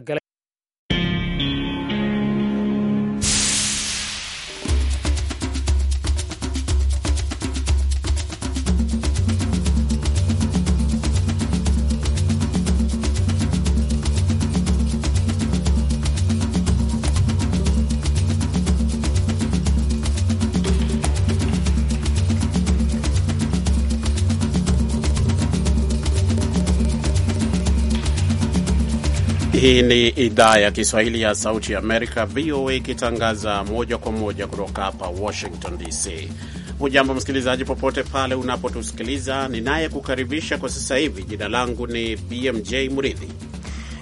ka Hii ni idhaa ya Kiswahili ya Sauti ya Amerika, VOA, ikitangaza moja kwa moja kutoka hapa Washington DC. Hujambo msikilizaji, popote pale unapotusikiliza. Ninayekukaribisha kwa sasa hivi, jina langu ni BMJ Mridhi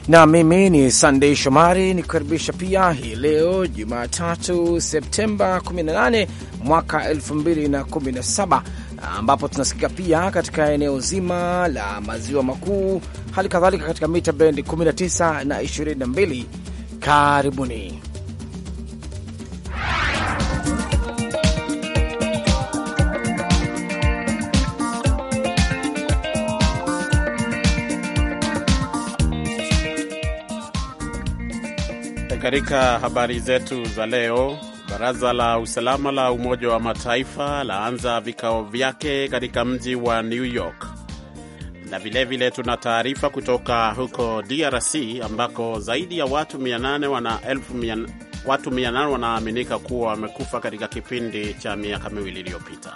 na mimi ni Sandei Shomari nikukaribisha pia hii leo Jumatatu Septemba 18 mwaka 2017 ambapo tunasikika pia katika eneo zima la maziwa makuu, hali kadhalika katika mita bendi 19 na 22. Karibuni. Katika habari zetu za leo, Baraza la usalama la Umoja wa Mataifa laanza vikao vyake katika mji wa New York, na vilevile tuna taarifa kutoka huko DRC ambako zaidi ya watu 800 wana elfu watu 800 wanaaminika kuwa wamekufa katika kipindi cha miaka miwili iliyopita.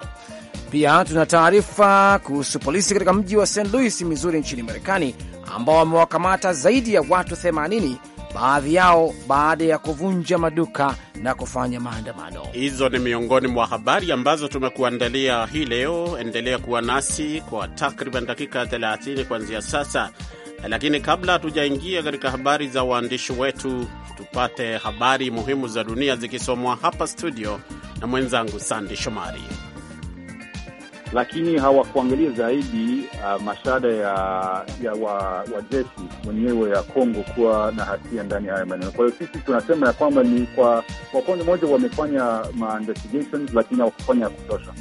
Pia tuna taarifa kuhusu polisi katika mji wa St Louis, Missouri nchini Marekani ambao wamewakamata zaidi ya watu 80 baadhi yao baada ya kuvunja maduka na kufanya maandamano. Hizo ni miongoni mwa habari ambazo tumekuandalia hii leo. Endelea kuwa nasi kwa takriban dakika 30 kuanzia sasa, lakini kabla hatujaingia katika habari za waandishi wetu, tupate habari muhimu za dunia zikisomwa hapa studio na mwenzangu Sandi Shomari lakini hawakuangalia zaidi uh, mashada ya, ya wa, wa jeshi wenyewe ya Kongo kuwa na hatia ndani ya haya maneno. Kwa hiyo sisi tunasema ya kwamba ni kwa upande mmoja wamefanya ma investigations, lakini hawakufanya ya kutosha.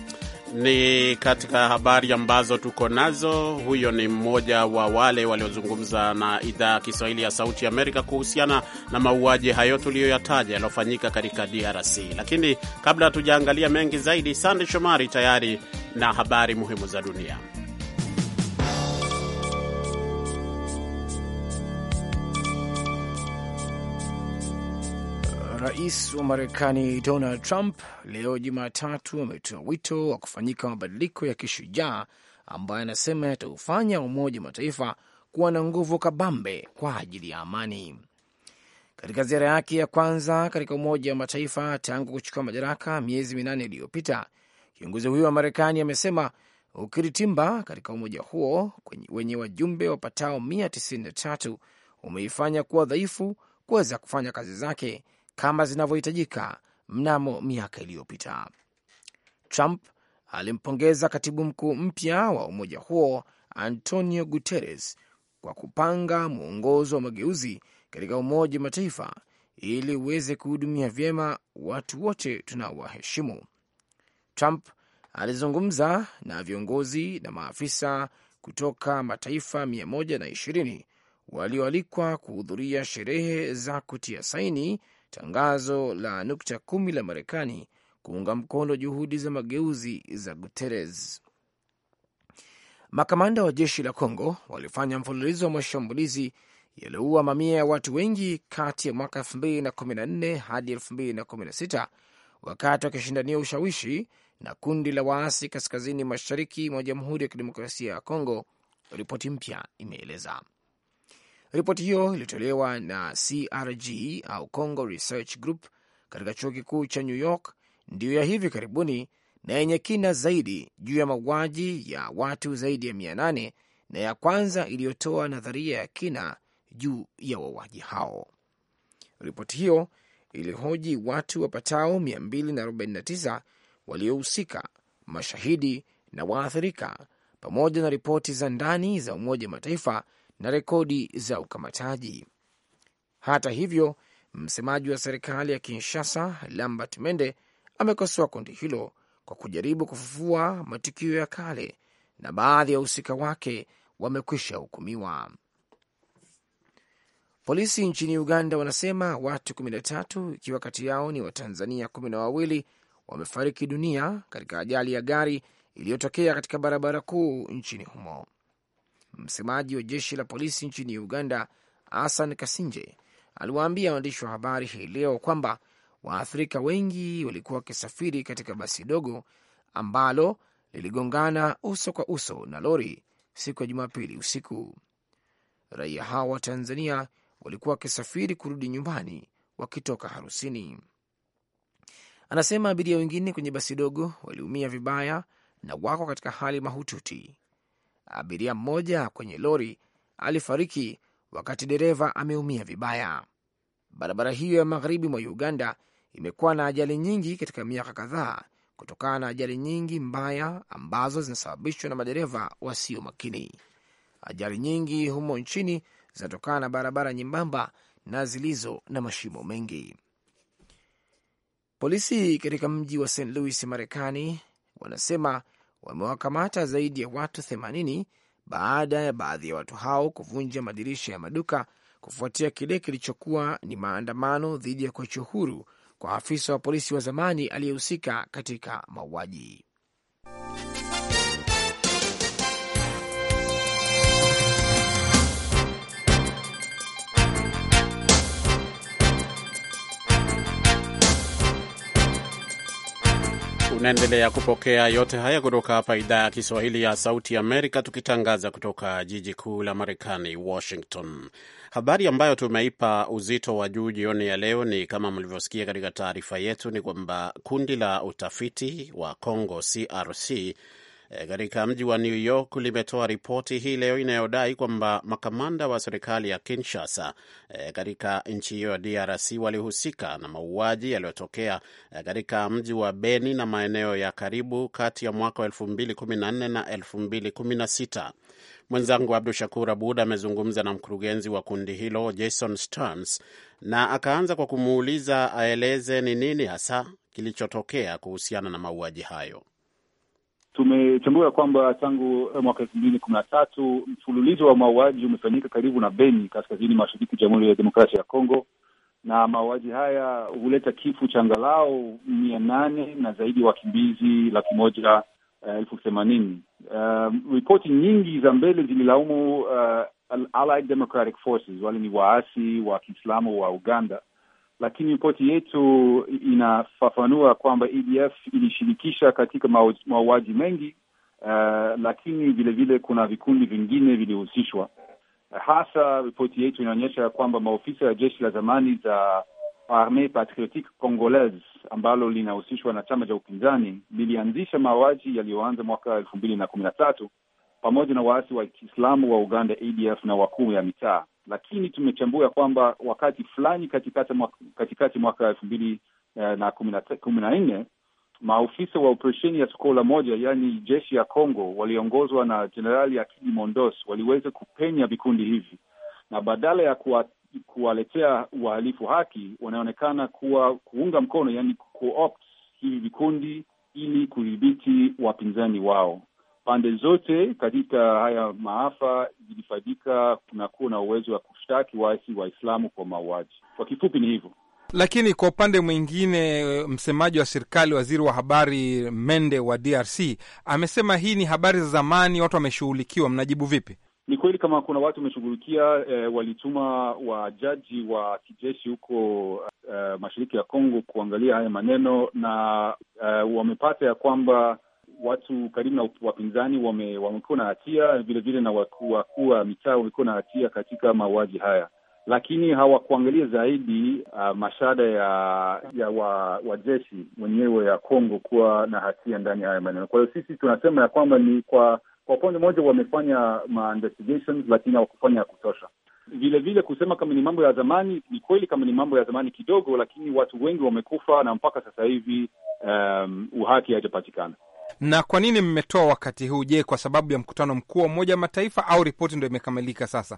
Ni katika habari ambazo tuko nazo. Huyo ni mmoja wa wale waliozungumza na idhaa ya Kiswahili ya Sauti Amerika kuhusiana na mauaji hayo tuliyoyataja yaliyofanyika katika DRC. Lakini kabla hatujaangalia mengi zaidi, Sande Shomari tayari na habari muhimu za dunia. Rais wa Marekani Donald Trump leo Jumatatu ametoa wito wa kufanyika mabadiliko ya kishujaa ambayo anasema yataufanya Umoja wa Mataifa kuwa na nguvu kabambe kwa ajili ya amani. Katika ziara yake ya kwanza katika Umoja wa Mataifa tangu kuchukua madaraka miezi minane iliyopita, kiongozi huyo wa Marekani amesema ukiritimba katika umoja huo wenye wajumbe wapatao 193 umeifanya kuwa dhaifu kuweza kufanya kazi zake kama zinavyohitajika mnamo miaka iliyopita. Trump alimpongeza katibu mkuu mpya wa umoja huo Antonio Guterres kwa kupanga mwongozo wa mageuzi katika Umoja wa Mataifa ili uweze kuhudumia vyema watu wote tunaowaheshimu. Trump alizungumza na viongozi na maafisa kutoka mataifa 120 walioalikwa kuhudhuria sherehe za kutia saini tangazo la nukta kumi la Marekani kuunga mkono juhudi za mageuzi za Guterres. Makamanda wa jeshi la congo walifanya mfululizo wa mashambulizi yaliyoua mamia ya watu wengi kati ya mwaka 2014 hadi 2016 wakati wakishindania ushawishi na kundi la waasi kaskazini mashariki mwa Jamhuri ya Kidemokrasia ya congo ripoti mpya imeeleza. Ripoti hiyo ilitolewa na CRG au Congo Research Group katika chuo kikuu cha New York ndiyo ya hivi karibuni na yenye kina zaidi juu ya mauaji ya watu zaidi ya mia nane na ya kwanza iliyotoa nadharia ya kina juu ya wauaji hao. Ripoti hiyo ilihoji watu wapatao 249 waliohusika, mashahidi na waathirika, pamoja na ripoti za ndani za Umoja Mataifa na rekodi za ukamataji. Hata hivyo, msemaji wa serikali ya Kinshasa Lambert Mende amekosoa kundi hilo kwa kujaribu kufufua matukio ya kale na baadhi ya wahusika wake wamekwisha hukumiwa. Polisi nchini Uganda wanasema watu 13 ikiwa kati yao ni Watanzania kumi na wawili wamefariki dunia katika ajali ya gari iliyotokea katika barabara kuu nchini humo. Msemaji wa jeshi la polisi nchini Uganda, Asan Kasinje, aliwaambia waandishi wa habari hii leo kwamba waathirika wengi walikuwa wakisafiri katika basi dogo ambalo liligongana uso kwa uso na lori siku ya Jumapili usiku. Raia hao wa Tanzania walikuwa wakisafiri kurudi nyumbani wakitoka harusini. Anasema abiria wengine kwenye basi dogo waliumia vibaya na wako katika hali mahututi abiria mmoja kwenye lori alifariki wakati dereva ameumia vibaya. Barabara hiyo ya magharibi mwa Uganda imekuwa na ajali nyingi katika miaka kadhaa kutokana na ajali nyingi mbaya ambazo zinasababishwa na madereva wasio makini. Ajali nyingi humo nchini zinatokana na barabara nyembamba na zilizo na mashimo mengi. Polisi katika mji wa St Louis, Marekani, wanasema wamewakamata zaidi ya watu 80 baada ya baadhi ya watu hao kuvunja madirisha ya maduka kufuatia kile kilichokuwa ni maandamano dhidi ya kuachia huru kwa afisa wa polisi wa zamani aliyehusika katika mauaji. Unaendelea kupokea yote haya kutoka hapa idhaa ya Kiswahili ya Sauti Amerika, tukitangaza kutoka jiji kuu la Marekani, Washington. Habari ambayo tumeipa uzito wa juu jioni ya leo ni kama mlivyosikia katika taarifa yetu, ni kwamba kundi la utafiti wa Congo CRC katika mji wa New York limetoa ripoti hii leo inayodai kwamba makamanda wa serikali ya Kinshasa eh, katika nchi hiyo ya DRC walihusika na mauaji yaliyotokea eh, katika mji wa Beni na maeneo ya karibu kati ya mwaka wa 2014 na 2016. Mwenzangu Abdu Shakur Abud amezungumza na mkurugenzi wa kundi hilo Jason Stearns na akaanza kwa kumuuliza aeleze ni nini hasa kilichotokea kuhusiana na mauaji hayo tumetambua kwamba tangu eh, mwaka elfu mbili kumi na tatu mfululizo wa mauaji umefanyika karibu na Beni, kaskazini mashariki Jamhuri ya Demokrasia ya Kongo, na mauaji haya huleta kifo cha angalau mia nane na zaidi ya wakimbizi laki moja eh, elfu themanini. Uh, ripoti nyingi za mbele zililaumu uh, Allied Democratic Forces, wale ni waasi wa Kiislamu wa Uganda lakini ripoti yetu inafafanua kwamba ADF e ilishirikisha katika mauaji mengi uh, lakini vilevile kuna vikundi vingine vilihusishwa. Hasa ripoti yetu inaonyesha kwamba maofisa ya jeshi la zamani za Armee Patriotique Congolaise ambalo linahusishwa na chama cha upinzani lilianzisha mauaji yaliyoanza mwaka elfu mbili na kumi na tatu pamoja na waasi wa Kiislamu wa Uganda ADF e na wakuu ya mitaa lakini tumechambua kwamba wakati fulani katikati mwaka, katikati mwaka elfu mbili eh, na kumi na nne maofisa wa operesheni ya Sokola moja yaani jeshi ya Congo waliongozwa na Jenerali Akili Mondos waliweza kupenya vikundi hivi na badala ya kuwa, kuwaletea wahalifu haki wanaonekana kuwa kuunga mkono, yaani kuopt hivi vikundi ili kudhibiti wapinzani wao pande zote katika haya maafa zilifaidika, kunakuwa na uwezo wa kushtaki waasi Waislamu kwa mauaji. Kwa kifupi ni hivyo. Lakini kwa upande mwingine, msemaji wa serikali, waziri wa habari Mende wa DRC amesema hii ni habari za zamani, watu wameshughulikiwa. Mnajibu vipi? Ni kweli kama kuna watu wameshughulikia. E, walituma wajaji wa kijeshi huko e, mashariki ya Kongo kuangalia haya maneno na e, wamepata ya kwamba watu karibu na wapinzani wamekuwa na hatia vilevile, na wakuu wa mitaa wamekuwa na hatia katika mauaji haya, lakini hawakuangalia zaidi uh, mashada ya ya wajeshi wa wenyewe ya Kongo kuwa na hatia ndani ya haya maneno. Kwa hiyo sisi tunasema ya kwamba ni kwa kwa upande mmoja wamefanya ma-investigations lakini hawakufanya ya kutosha. Vile vile kusema kama ni mambo ya zamani, ni kweli kama ni mambo ya zamani kidogo, lakini watu wengi wamekufa na mpaka sasa hivi um, uhaki haijapatikana. Na kwa nini mmetoa wakati huu? Je, kwa sababu ya mkutano mkuu wa Umoja wa Mataifa au ripoti ndo imekamilika sasa?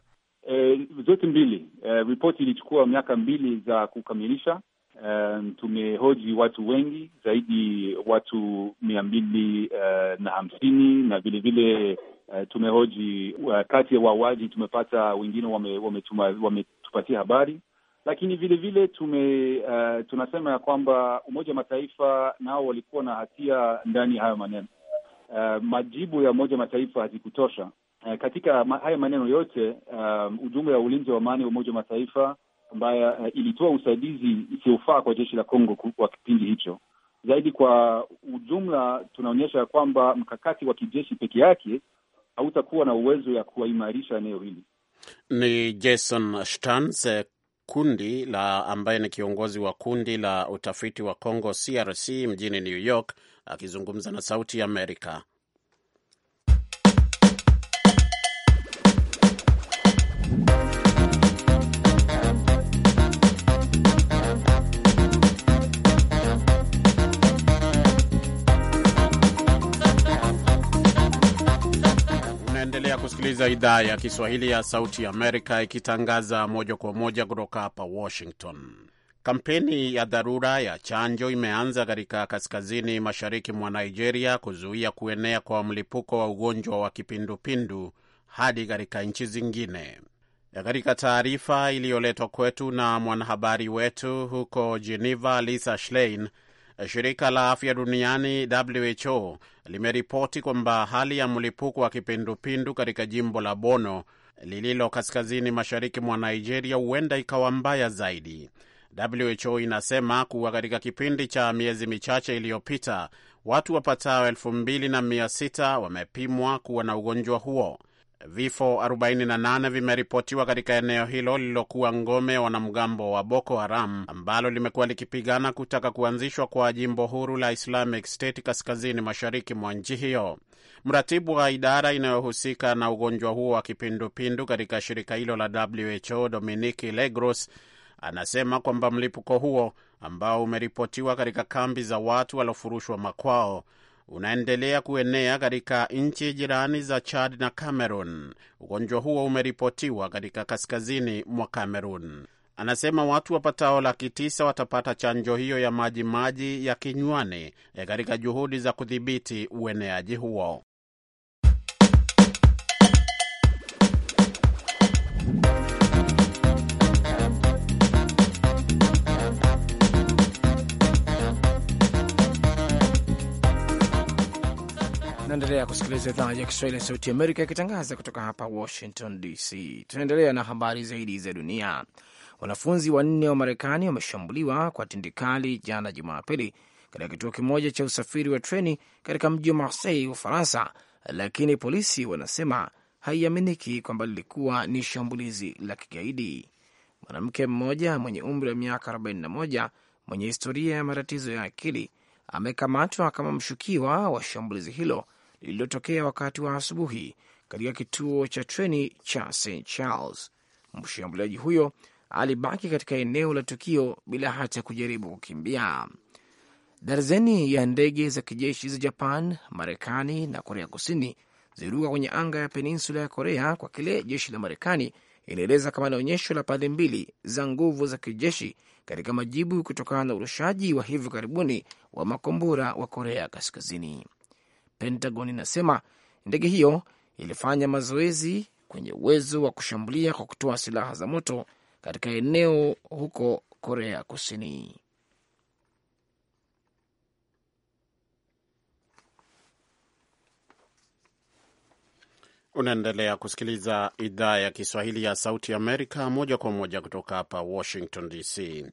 E, zote mbili. E, ripoti ilichukua miaka mbili za kukamilisha. E, tumehoji watu wengi zaidi, watu mia mbili e, na hamsini na vilevile uh, e, tumehoji e, kati ya wauaji tumepata wengine wametupatia wame wame habari lakini vile vile tume uh, tunasema ya kwamba Umoja wa Mataifa nao walikuwa na hatia ndani ya hayo maneno. Uh, majibu ya Umoja wa Mataifa hazikutosha uh, katika ma haya maneno yote. uh, ujumbe wa ulinzi wa amani wa Umoja wa Mataifa ambayo uh, ilitoa usaidizi isiyofaa kwa jeshi la Kongo kwa kipindi hicho. Zaidi kwa ujumla, tunaonyesha ya kwamba mkakati wa kijeshi peke yake hautakuwa na uwezo ya kuwaimarisha eneo hili. Ni Jason Stans kundi la ambaye ni kiongozi wa kundi la utafiti wa Congo CRC mjini New York akizungumza na Sauti ya Amerika. unasikiliza idhaa ya Kiswahili ya Sauti ya Amerika ikitangaza moja kwa moja kutoka hapa Washington. Kampeni ya dharura ya chanjo imeanza katika kaskazini mashariki mwa Nigeria kuzuia kuenea kwa mlipuko wa ugonjwa wa kipindupindu hadi katika nchi zingine. Katika taarifa iliyoletwa kwetu na mwanahabari wetu huko Geneva, Lisa Schlein Shirika la afya duniani WHO limeripoti kwamba hali ya mlipuko wa kipindupindu katika jimbo la Bono lililo kaskazini mashariki mwa Nigeria huenda ikawa mbaya zaidi. WHO inasema kuwa katika kipindi cha miezi michache iliyopita watu wapatao elfu wamepimwa kuwa na ugonjwa huo. Vifo 48 vimeripotiwa katika eneo hilo lililokuwa ngome ya wanamgambo wa Boko Haram ambalo limekuwa likipigana kutaka kuanzishwa kwa jimbo huru la Islamic State kaskazini mashariki mwa nchi hiyo. Mratibu wa idara inayohusika na ugonjwa huo wa kipindupindu katika shirika hilo la WHO dominiki Legros anasema kwamba mlipuko huo ambao umeripotiwa katika kambi za watu waliofurushwa makwao unaendelea kuenea katika nchi jirani za Chad na Cameroon. Ugonjwa huo umeripotiwa katika kaskazini mwa Cameroon. Anasema watu wapatao laki tisa watapata chanjo hiyo ya majimaji ya kinywani eh, katika juhudi za kudhibiti ueneaji huo. Naendelea kusikiliza idhaa ya Kiswahili ya Sauti Amerika ikitangaza kutoka hapa Washington DC. Tunaendelea na habari zaidi za dunia. Wanafunzi wanne wa Marekani wameshambuliwa kwa tindikali jana Jumapili katika kituo kimoja cha usafiri wa treni katika mji wa Marseille, Ufaransa, lakini polisi wanasema haiaminiki kwamba lilikuwa ni shambulizi la kigaidi. Mwanamke mmoja mwenye umri wa miaka 41 mwenye historia ya matatizo ya akili amekamatwa kama mshukiwa wa shambulizi hilo lililotokea wakati wa asubuhi katika kituo cha treni cha St Charles. Mshambuliaji huyo alibaki katika eneo la tukio bila hata kujaribu kukimbia. Darzeni ya ndege za kijeshi za Japan, Marekani na Korea Kusini ziliruka kwenye anga ya peninsula ya Korea kwa kile jeshi la Marekani inaeleza kama naonyesho onyesho la pande mbili za nguvu za kijeshi katika majibu kutokana na urushaji wa hivi karibuni wa makombora wa Korea Kaskazini. Pentagon inasema ndege hiyo ilifanya mazoezi kwenye uwezo wa kushambulia kwa kutoa silaha za moto katika eneo huko Korea Kusini. Unaendelea kusikiliza idhaa ya Kiswahili ya Sauti Amerika moja kwa moja kutoka hapa Washington DC.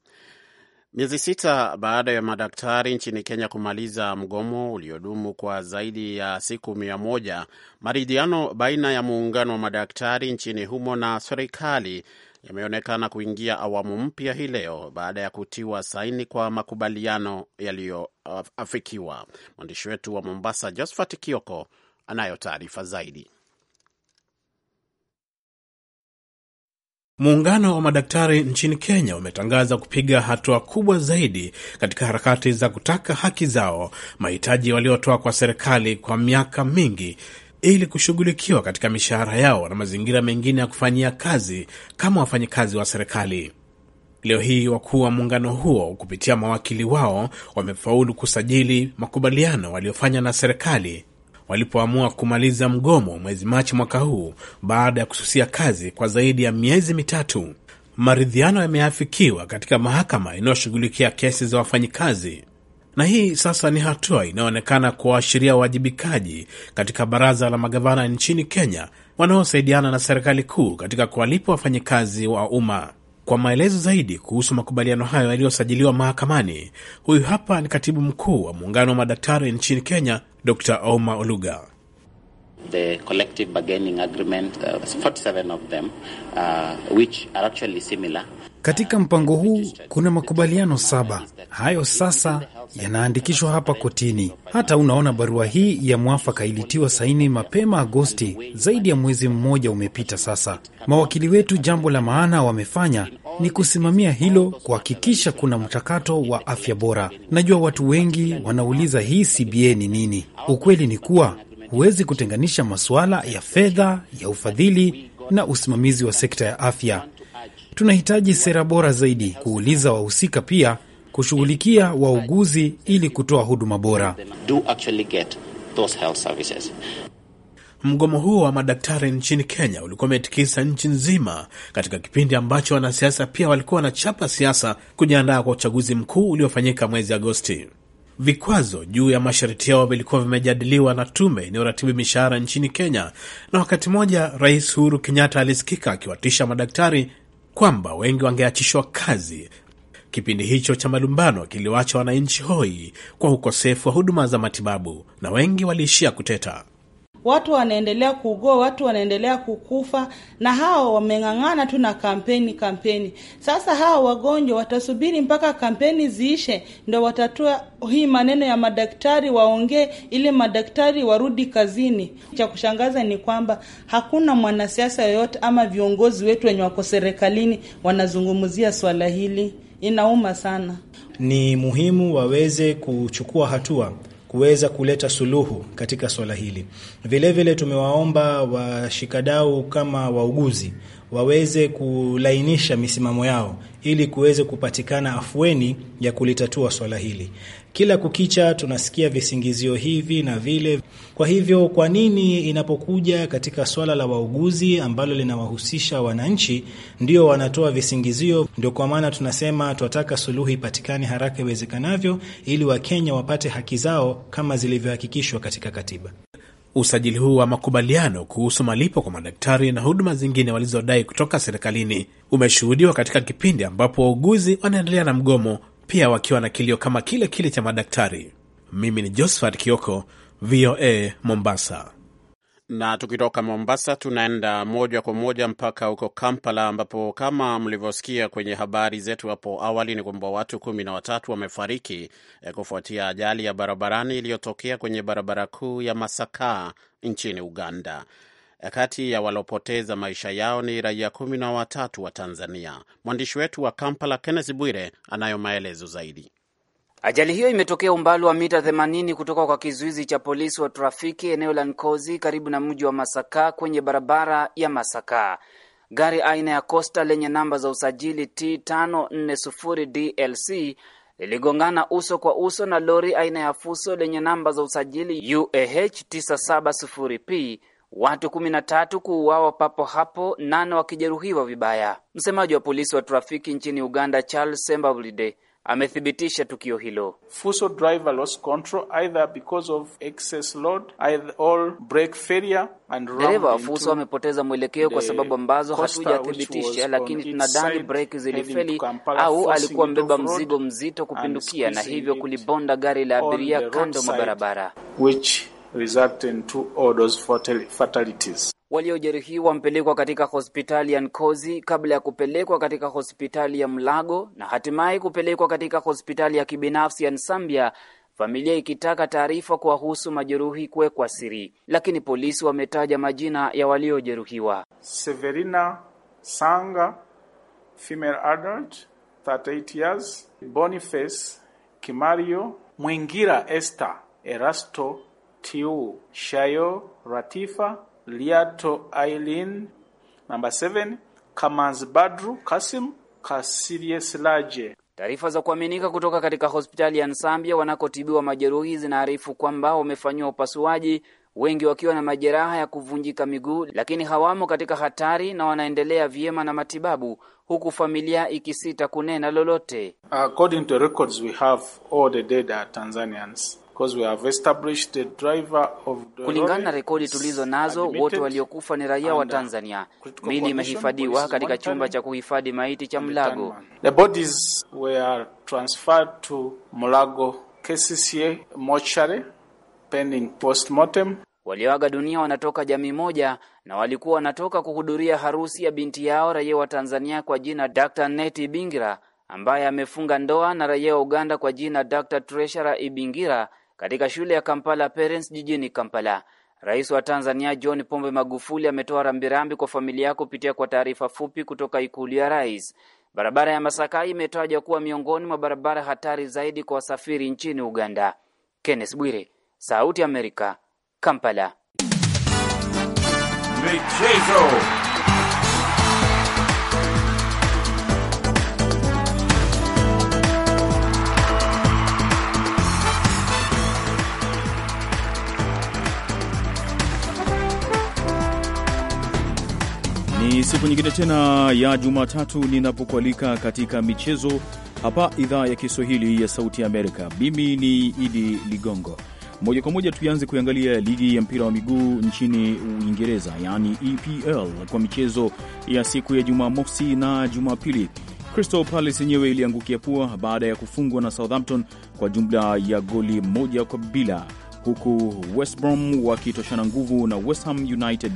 Miezi sita baada ya madaktari nchini Kenya kumaliza mgomo uliodumu kwa zaidi ya siku mia moja, maridhiano baina ya muungano wa madaktari nchini humo na serikali yameonekana kuingia awamu mpya hii leo baada ya kutiwa saini kwa makubaliano yaliyoafikiwa. Mwandishi wetu wa Mombasa, Josphat Kioko, anayo taarifa zaidi. Muungano wa madaktari nchini Kenya umetangaza kupiga hatua kubwa zaidi katika harakati za kutaka haki zao, mahitaji waliotoa kwa serikali kwa miaka mingi ili kushughulikiwa katika mishahara yao na mazingira mengine ya kufanyia kazi kama wafanyikazi wa serikali. Leo hii wakuu wa muungano huo kupitia mawakili wao wamefaulu kusajili makubaliano waliofanya na serikali walipoamua kumaliza mgomo mwezi Machi mwaka huu baada ya kususia kazi kwa zaidi ya miezi mitatu. Maridhiano yameafikiwa katika mahakama inayoshughulikia kesi za wafanyikazi, na hii sasa ni hatua inayoonekana kuwaashiria uwajibikaji katika baraza la magavana nchini Kenya wanaosaidiana na serikali kuu katika kuwalipa wafanyikazi wa umma. Kwa maelezo zaidi kuhusu makubaliano hayo yaliyosajiliwa mahakamani, huyu hapa ni katibu mkuu wa muungano wa madaktari nchini Kenya, Dr Oma Oluga. The collective bargaining agreement, uh, 47 of them, uh, which are actually similar. Katika mpango huu kuna makubaliano saba. Hayo sasa yanaandikishwa hapa kotini. Hata unaona barua hii ya mwafaka ilitiwa saini mapema Agosti, zaidi ya mwezi mmoja umepita sasa. Mawakili wetu jambo la maana wamefanya ni kusimamia hilo, kuhakikisha kuna mchakato wa afya bora. Najua watu wengi wanauliza hii CBA ni nini? Ukweli ni kuwa huwezi kutenganisha masuala ya fedha ya ufadhili na usimamizi wa sekta ya afya. Tunahitaji sera bora zaidi, kuuliza wahusika, pia kushughulikia wauguzi ili kutoa huduma bora. Mgomo huo wa madaktari nchini Kenya ulikuwa umetikisa nchi nzima katika kipindi ambacho wanasiasa pia walikuwa wanachapa siasa kujiandaa kwa uchaguzi mkuu uliofanyika mwezi Agosti. Vikwazo juu ya masharti yao vilikuwa vimejadiliwa na tume inayoratibu mishahara nchini Kenya, na wakati mmoja Rais Uhuru Kenyatta alisikika akiwatisha madaktari kwamba wengi wangeachishwa kazi. Kipindi hicho cha malumbano kiliwacha wananchi hoi kwa ukosefu wa huduma za matibabu na wengi waliishia kuteta watu wanaendelea kuugua, watu wanaendelea kukufa, na hao wameng'ang'ana tu na kampeni kampeni. Sasa hao wagonjwa watasubiri mpaka kampeni ziishe, ndo watatua hii maneno ya madaktari waongee, ili madaktari warudi kazini. Cha kushangaza ni kwamba hakuna mwanasiasa yoyote ama viongozi wetu wenye wako serikalini wanazungumzia swala hili. Inauma sana. Ni muhimu waweze kuchukua hatua kuweza kuleta suluhu katika swala hili. Vilevile tumewaomba washikadau kama wauguzi waweze kulainisha misimamo yao ili kuweze kupatikana afueni ya kulitatua swala hili. Kila kukicha tunasikia visingizio hivi na vile. Kwa hivyo, kwa nini inapokuja katika swala la wauguzi ambalo linawahusisha wananchi ndio wanatoa visingizio? Ndio kwa maana tunasema twataka suluhu ipatikane haraka iwezekanavyo, ili Wakenya wapate haki zao kama zilivyohakikishwa katika katiba usajili huu wa makubaliano kuhusu malipo kwa madaktari na huduma zingine walizodai kutoka serikalini umeshuhudiwa katika kipindi ambapo wauguzi wanaendelea na mgomo, pia wakiwa na kilio kama kile kile cha madaktari. Mimi ni Josephat Kioko, VOA Mombasa. Na tukitoka Mombasa tunaenda moja kwa moja mpaka huko Kampala, ambapo kama mlivyosikia kwenye habari zetu hapo awali ni kwamba watu kumi na watatu wamefariki eh, kufuatia ajali ya barabarani iliyotokea kwenye barabara kuu ya Masaka nchini Uganda. Eh, kati ya walopoteza maisha yao ni raia kumi na watatu wa Tanzania. Mwandishi wetu wa Kampala Kenneth Bwire anayo maelezo zaidi. Ajali hiyo imetokea umbali wa mita 80 kutoka kwa kizuizi cha polisi wa trafiki eneo la Nkozi karibu na mji wa Masaka kwenye barabara ya Masaka. Gari aina ya Costa lenye namba za usajili T540 DLC liligongana uso kwa uso na lori aina ya Fuso lenye namba za usajili UAH 970P. Watu 13 kuuawa papo hapo, nane wakijeruhiwa vibaya. Msemaji wa polisi wa trafiki nchini Uganda Charles Sembabulide amethibitisha tukio hilo. Fuso driver lost control either because of excess load either all brake failure and dereva wa Fuso amepoteza mwelekeo kwa sababu ambazo hatujathibitisha, lakini tunadhani breki zilifeli au alikuwa mbeba mzigo mzito kupindukia na hivyo kulibonda gari la abiria kando mwa barabara which in two orders fatalities waliojeruhiwa wampelekwa katika hospitali ya Nkozi kabla ya kupelekwa katika hospitali ya Mlago na hatimaye kupelekwa katika hospitali ya kibinafsi ya Nsambia, familia ikitaka taarifa kuwahusu majeruhi kuwekwa siri, lakini polisi wametaja majina ya waliojeruhiwa: Severina Sanga, female adult, 38 years, Boniface Kimario Mwingira, Esther Erasto Tiu Shayo Ratifa Liato Ailin namba 7 Kamaz Badru Kasim Kasirie Silaje. Taarifa za kuaminika kutoka katika hospitali ya Nsambia wanakotibiwa majeruhi zinaarifu kwamba wamefanyiwa upasuaji, wengi wakiwa na majeraha ya kuvunjika miguu, lakini hawamo katika hatari na wanaendelea vyema na matibabu, huku familia ikisita kunena lolote. According to records we have all the dead are Tanzanians Kulingana na rekodi tulizo nazo, wote waliokufa ni raia wa uh, Tanzania. Mili imehifadhiwa katika chumba cha kuhifadhi maiti cha Mlago. The bodies were transferred to Mlago KCCA mortuary pending postmortem. Walioaga dunia wanatoka jamii moja na walikuwa wanatoka kuhudhuria harusi ya binti yao raia wa Tanzania kwa jina Dr. Neti Bingira ambaye amefunga ndoa na raia wa Uganda kwa jina Dr. Treasure Ibingira katika shule ya Kampala Parents jijini Kampala. Rais wa Tanzania John Pombe Magufuli ametoa rambirambi kwa familia kupitia kwa taarifa fupi kutoka ikulu ya rais. Barabara ya Masaka imetajwa kuwa miongoni mwa barabara hatari zaidi kwa wasafiri nchini Uganda. Kenneth Bwire, Sauti ya Amerika, Kampala. Michezo. siku nyingine tena ya Jumatatu ninapokualika katika michezo hapa idhaa ya Kiswahili ya Sauti ya Amerika. Mimi ni Idi Ligongo. Moja kwa moja tuanze kuiangalia ligi ya mpira wa miguu nchini Uingereza, yaani EPL, kwa michezo ya siku ya Jumamosi na Jumapili. Crystal Palace yenyewe iliangukia pua baada ya kufungwa na Southampton kwa jumla ya goli moja kwa bila, huku West Brom wakitoshana nguvu na West Ham United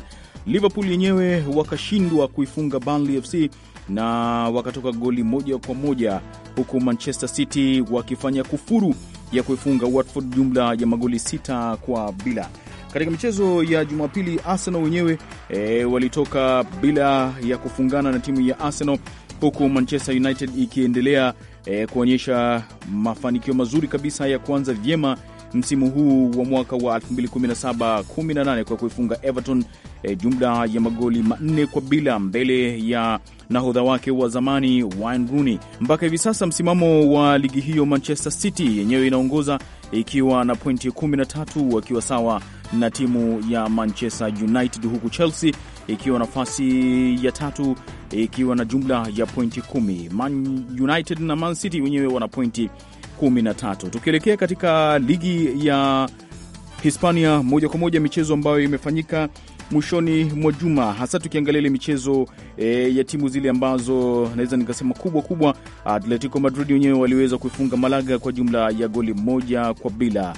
Liverpool yenyewe wakashindwa kuifunga Burnley FC na wakatoka goli moja kwa moja, huku Manchester City wakifanya kufuru ya kuifunga Watford jumla ya magoli sita kwa bila. Katika michezo ya Jumapili, Arsenal wenyewe e, walitoka bila ya kufungana na timu ya Arsenal, huku Manchester United ikiendelea e, kuonyesha mafanikio mazuri kabisa ya kuanza vyema msimu huu wa mwaka wa 2017-18 kwa kuifunga Everton e, jumla ya magoli manne kwa bila mbele ya nahodha wake wa zamani Wayne Rooney. Mpaka hivi sasa msimamo wa ligi hiyo, Manchester City yenyewe inaongoza ikiwa na pointi 13 wakiwa sawa na timu ya Manchester United, huku Chelsea ikiwa nafasi ya tatu ikiwa na jumla ya pointi kumi. Man United na Man City wenyewe wana pointi 13. Tukielekea katika ligi ya Hispania moja kwa moja, michezo ambayo imefanyika mwishoni mwa juma, hasa tukiangalia ile michezo e, ya timu zile ambazo naweza nikasema kubwa kubwa. Atletico Madrid wenyewe waliweza kuifunga Malaga kwa jumla ya goli moja kwa bila.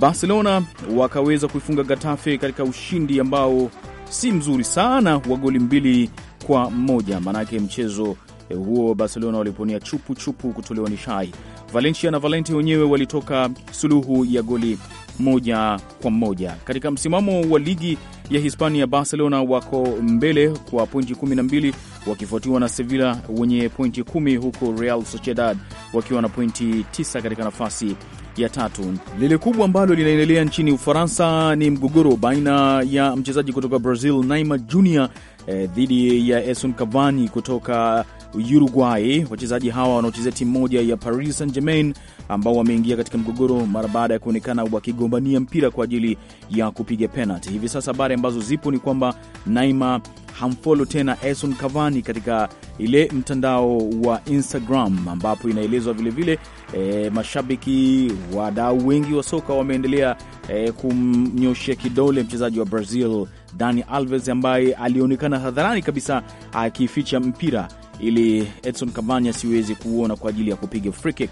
Barcelona wakaweza kuifunga Gatafe katika ushindi ambao si mzuri sana wa goli mbili kwa moja, maanake mchezo e, huo Barcelona waliponia chupu chupu kutolewa ni shai Valencia na Valente wenyewe walitoka suluhu ya goli moja kwa moja. Katika msimamo wa ligi ya Hispania, Barcelona wako mbele kwa pointi 12 wakifuatiwa na Sevilla wenye pointi 10 huku Real Sociedad wakiwa na pointi 9 katika nafasi ya tatu. Lile kubwa ambalo linaendelea nchini Ufaransa ni mgogoro baina ya mchezaji kutoka Brazil Neymar Jr eh, dhidi ya Edson Cavani kutoka Uruguay. Wachezaji hawa wanaochezea timu moja ya Paris Saint Germain, ambao wameingia katika mgogoro mara baada ya kuonekana wakigombania mpira kwa ajili ya kupiga penalti. Hivi sasa habari ambazo zipo ni kwamba Neymar hamfolo tena Edson Cavani katika ile mtandao wa Instagram, ambapo inaelezwa vilevile e, eh, mashabiki wadau wengi wa soka wameendelea e, kumnyoshia kidole mchezaji wa Brazil Dani Alves ambaye alionekana hadharani kabisa akificha mpira ili Edson Cavani asiweze kuona kwa ajili ya kupiga free kick.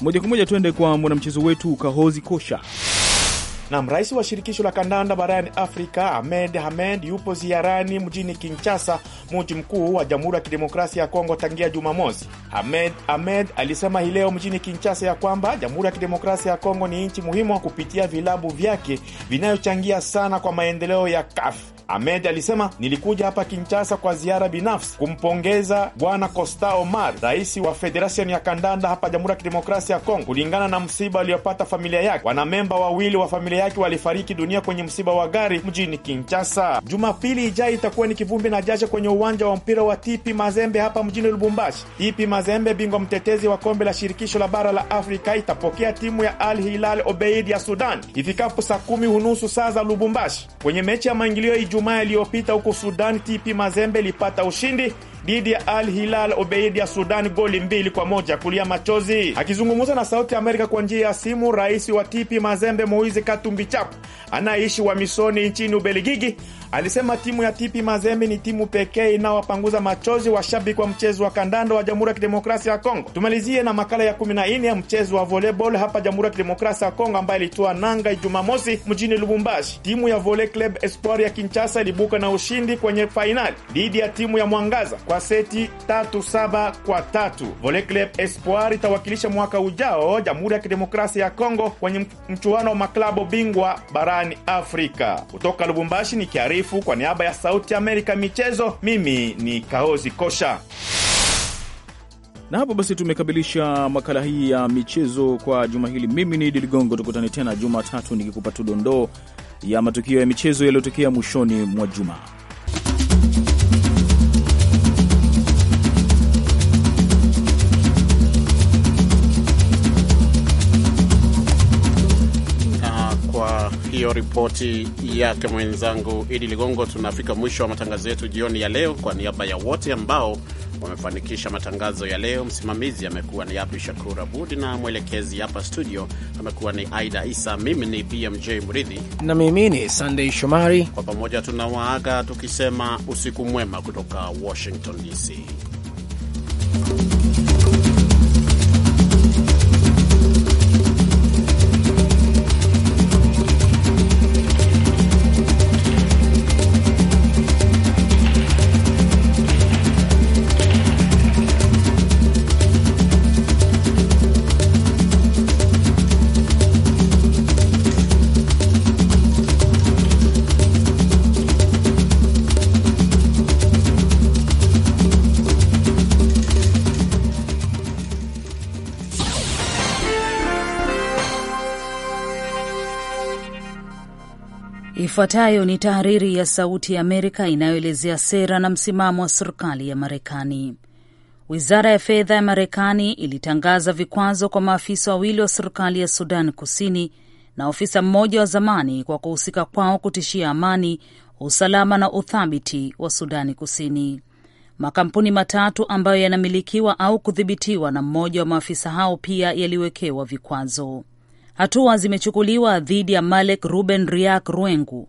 Moja kwa moja tuende kwa mwanamchezo wetu Kahozi Kosha. Na rais wa shirikisho la kandanda barani Afrika Ahmed Hamed yupo ziarani mjini Kinshasa, mji mkuu wa Jamhuri ya Kidemokrasia ya Kongo tangia Jumamosi. Ahmed Ahmed alisema hii leo mjini Kinshasa ya kwamba Jamhuri ya Kidemokrasia ya Kongo ni nchi muhimu kupitia vilabu vyake vinayochangia sana kwa maendeleo ya CAF. Ahmed alisema nilikuja hapa Kinshasa kwa ziara binafsi kumpongeza Bwana Costa Omar, rais wa Federation ya kandanda hapa Jamhuri ya Kidemokrasia ya Kongo, kulingana na msiba aliyopata familia yake. Wanamemba wawili wa familia yake walifariki dunia kwenye msiba wa gari mjini Kinshasa. Jumapili ijayo itakuwa ni kivumbi na jasho kwenye uwanja wa mpira wa Tipi Mazembe hapa mjini Lubumbashi. Tipi Mazembe, bingwa mtetezi wa kombe la shirikisho la bara la Afrika, itapokea timu ya Al Hilal Obeid ya Sudan ifikapo saa kumi unusu saa za Lubumbashi. Kwenye mechi ya maingilio Ijumaa iliyopita huko Sudan, Tipi Mazembe ilipata ushindi dhidi ya Al Hilal Obeid ya Sudani goli mbili kwa moja. Kulia machozi akizungumza na Sauti Amerika kwa njia ya simu, rais wa Tipi Mazembe Moise Katumbi anayeishi wa misoni nchini Ubeligigi alisema timu ya Tipi Mazembe ni timu pekee inayowapanguza machozi washabiki wa mchezo wa kandanda wa Jamhuri ya Kidemokrasia ya Kongo. Tumalizie na makala ya 14 ya mchezo wa volleyball hapa Jamhuri ya Kidemokrasia ya Kongo ambayo ilitoa nanga Jumamosi mosi mjini Lubumbashi. Timu ya Volley Club Espoir ya Kinshasa ilibuka na ushindi kwenye fainali dhidi ya timu ya Mwangaza kwa seti tatu saba kwa tatu. Volley Club Espoir itawakilisha mwaka ujao Jamhuri ya Kidemokrasia ya Kongo kwenye mchuano wa maklabu bingwa barani Afrika. Kutoka Lubumbashi ni kiarifu kwa niaba ya Sauti Amerika michezo, mimi ni Kaozi Kosha na hapo basi tumekamilisha makala hii ya michezo kwa juma hili. Mimi ni Idi Ligongo, tukutane tena Jumatatu nikikupa tu dondoo ya matukio ya michezo yaliyotokea mwishoni mwa juma. hiyo ripoti yake mwenzangu Idi Ligongo. Tunafika mwisho wa matangazo yetu jioni ya leo. Kwa niaba ya wote ambao wamefanikisha matangazo ya leo, msimamizi amekuwa ni Abdu Shakur Abud na mwelekezi hapa studio amekuwa ni Aida Isa. Mimi ni BMJ Mridhi na mimi ni Sandey Shomari. Kwa pamoja tunawaaga tukisema usiku mwema kutoka Washington DC. Ifuatayo ni tahariri ya Sauti ya Amerika inayoelezea sera na msimamo wa serikali ya Marekani. Wizara ya fedha ya Marekani ilitangaza vikwazo kwa maafisa wawili wa serikali ya Sudan Kusini na ofisa mmoja wa zamani kwa kuhusika kwao kutishia amani, usalama na uthabiti wa Sudani Kusini. Makampuni matatu ambayo yanamilikiwa au kudhibitiwa na mmoja wa maafisa hao pia yaliwekewa vikwazo. Hatua zimechukuliwa dhidi ya Malek Ruben Riak Ruengu,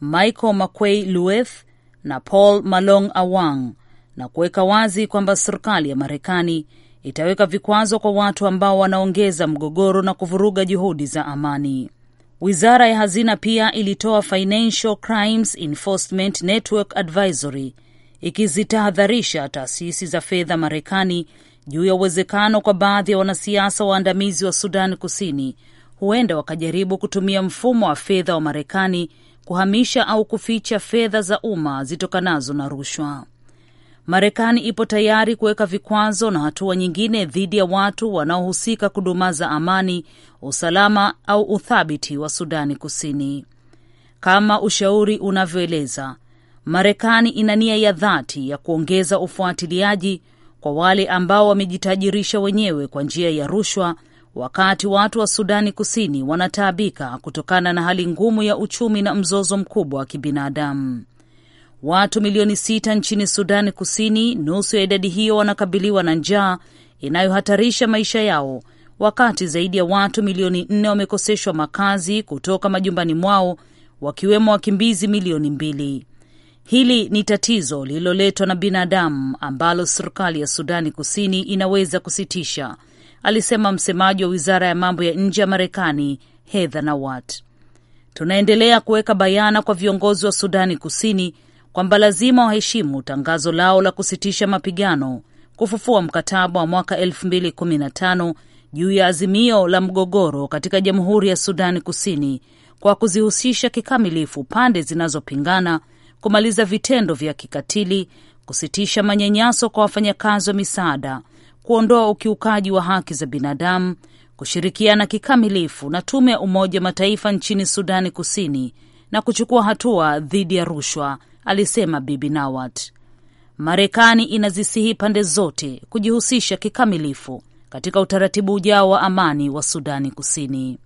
Michael Makwei Lueth na Paul Malong Awang na kuweka wazi kwamba serikali ya Marekani itaweka vikwazo kwa watu ambao wanaongeza mgogoro na kuvuruga juhudi za amani. Wizara ya Hazina pia ilitoa Financial Crimes Enforcement Network Advisory ikizitahadharisha taasisi za fedha Marekani juu ya uwezekano kwa baadhi ya wanasiasa waandamizi wa Sudan Kusini huenda wakajaribu kutumia mfumo wa fedha wa Marekani kuhamisha au kuficha fedha za umma zitokanazo na rushwa. Marekani ipo tayari kuweka vikwazo na hatua nyingine dhidi ya watu wanaohusika kudumaza amani, usalama au uthabiti wa Sudani Kusini. Kama ushauri unavyoeleza, Marekani ina nia ya dhati ya kuongeza ufuatiliaji kwa wale ambao wamejitajirisha wenyewe kwa njia ya rushwa wakati watu wa Sudani Kusini wanataabika kutokana na hali ngumu ya uchumi na mzozo mkubwa wa kibinadamu. Watu milioni sita nchini Sudani Kusini, nusu ya idadi hiyo wanakabiliwa na njaa inayohatarisha maisha yao, wakati zaidi ya watu milioni nne wamekoseshwa makazi kutoka majumbani mwao, wakiwemo wakimbizi milioni mbili. Hili ni tatizo lililoletwa na binadamu ambalo serikali ya Sudani Kusini inaweza kusitisha alisema msemaji wa wizara ya mambo ya nje ya Marekani Heather Nawat. Tunaendelea kuweka bayana kwa viongozi wa Sudani Kusini kwamba lazima waheshimu tangazo lao la kusitisha mapigano, kufufua mkataba wa mwaka 2015 juu ya azimio la mgogoro katika Jamhuri ya Sudani Kusini kwa kuzihusisha kikamilifu pande zinazopingana, kumaliza vitendo vya kikatili, kusitisha manyanyaso kwa wafanyakazi wa misaada kuondoa ukiukaji wa haki za binadamu, kushirikiana kikamilifu na tume ya Umoja Mataifa nchini Sudani Kusini na kuchukua hatua dhidi ya rushwa, alisema Bibi Nawat. Marekani inazisihi pande zote kujihusisha kikamilifu katika utaratibu ujao wa amani wa Sudani Kusini.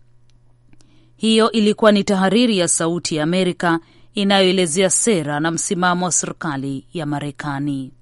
Hiyo ilikuwa ni tahariri ya Sauti ya Amerika inayoelezea sera na msimamo wa serikali ya Marekani.